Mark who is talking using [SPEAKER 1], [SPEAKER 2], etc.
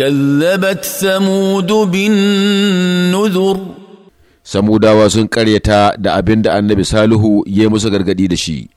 [SPEAKER 1] كذبت ثمود بالنذر
[SPEAKER 2] ثمود وسن قريتا دا أبين دا النبي صالح يمسغرغدي دشي